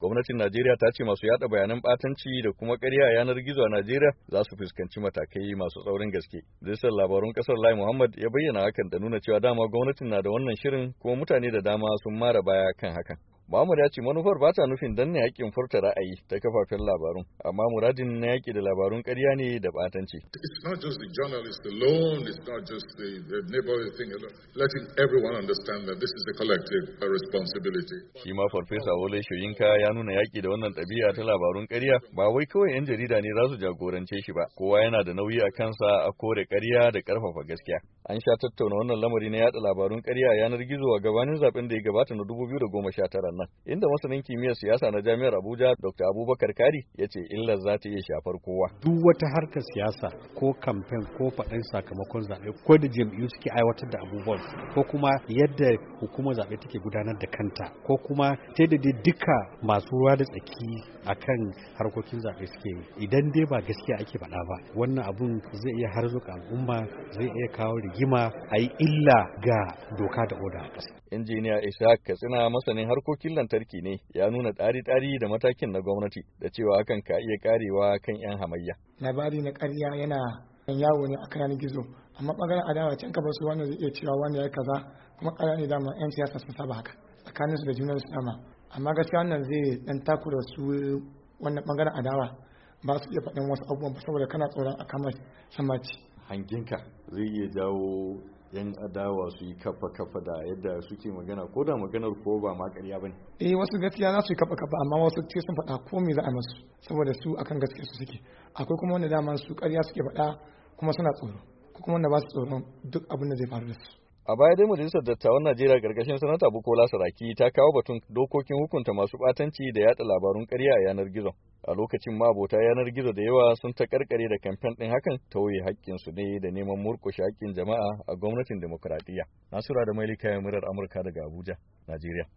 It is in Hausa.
Gwamnatin Najeriya ta ce masu yada bayanan batanci da kuma karya a yanar gizo a Najeriya za su fuskanci matakai masu tsaurin gaske. Zaisan labarun ƙasar Lai Muhammad ya bayyana hakan da nuna cewa dama gwamnatin na da wannan shirin kuma mutane da dama sun mara baya kan hakan. Mahmud ya ce manufar ba ta nufin danne yakin furta ra'ayi ta kafafen labarun, amma muradin na yaƙi da labarun ƙarya ne da ɓatanci. not just the journalist alone, not just the, Shi ma Farfesa Wole Shoyinka ya nuna yaƙi da wannan ɗabi'a ta labarun ƙarya ba wai kawai 'yan jarida ne za su jagorance shi ba, kowa yana da nauyi a kansa a kore ƙarya da ƙarfafa gaskiya. An sha tattauna wannan lamari na yaɗa labarun ƙarya a yanar gizo a gabanin zaɓen da ya gabata na 2019 nan inda masanin kimiyyar siyasa na jami'ar Abuja Dr. Abubakar Kari ya ce illar za ta iya shafar kowa duk wata harkar siyasa ko kamfen ko faɗin sakamakon zaɓe ko da jam'iyyu suke aiwatar da abubuwan ko kuma yadda hukumar zaɓe take gudanar da kanta ko kuma ta da duka masu ruwa da tsaki a kan harkokin zaɓe suke yi idan dai ba gaskiya ake faɗa ba wannan abun zai iya harzuka al'umma zai iya kawo rigima a yi illa ga doka da oda a ƙasa. injiniya isa katsina masanin harkokin motocin lantarki ne ya nuna tsari-tsari da matakin na gwamnati da cewa hakan ka iya karewa kan 'yan hamayya. Labari na karya yana yawo ne a kan gizo amma ɓangaren adawa can ka su wanda zai iya cewa wanda ya kaza kuma ƙara ne dama 'yan siyasa su saba haka tsakaninsu da junan su dama amma gaskiya wannan zai dan takura su wannan ɓangaren adawa ba su iya faɗin wasu abubuwan saboda kana tsoron a kama samaci. Hanginka zai iya jawo yan adawa su yi kafa kafa da yadda suke magana ko da maganar ko ba ma ƙarya ne. eh wasu gaskiya za su yi kafa kafa amma wasu ce sun faɗa ko me za a masu saboda su akan gaskiya su suke akwai kuma wanda dama su ƙarya suke faɗa kuma suna tsoro ko kuma wanda ba su tsoron duk abin da zai faru da su A baya dai majalisar dattawan Najeriya gargashin sanata Bukola Saraki ta kawo batun dokokin hukunta masu batanci da yatsa labarun ƙarya a yanar gizo. a lokacin mabota yanar gizo da yawa sun ta karkare da kamfen ɗin hakan ta tauye haƙƙinsu ne da neman murƙushe haƙƙin jama'a a gwamnatin demokuraɗiyya nasura da mailika ya murar amurka daga abuja najeriya